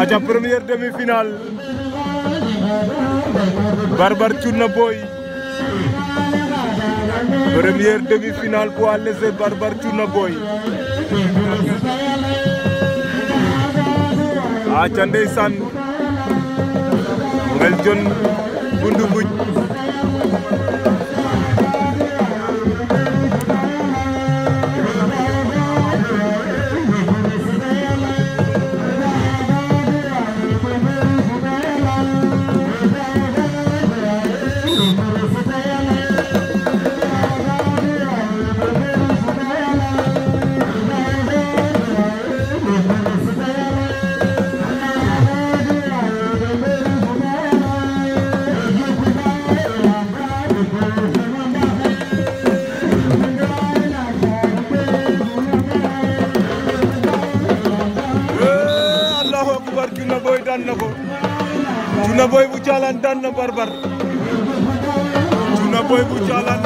aca première demi-finale Barbar Cuuna Boy première demi-finale poids léger Barbar Cuuna Boy aca ndeysaan Nguel Dione bu Ndumbuj barbar Cuna Boy daan na ko Cuna Boy bu caalaan daan na barbar Cuna Boy bu caalaan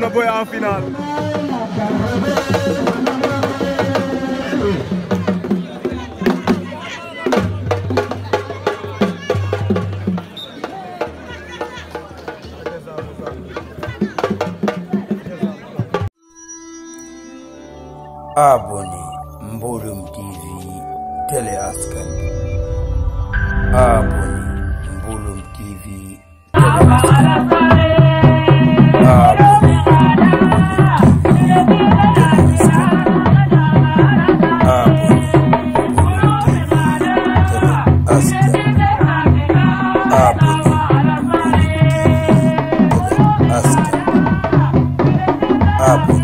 na Boy en finale Telescan. Abone Bulun TV. Telescan. Abone Abone. Abone. Abone.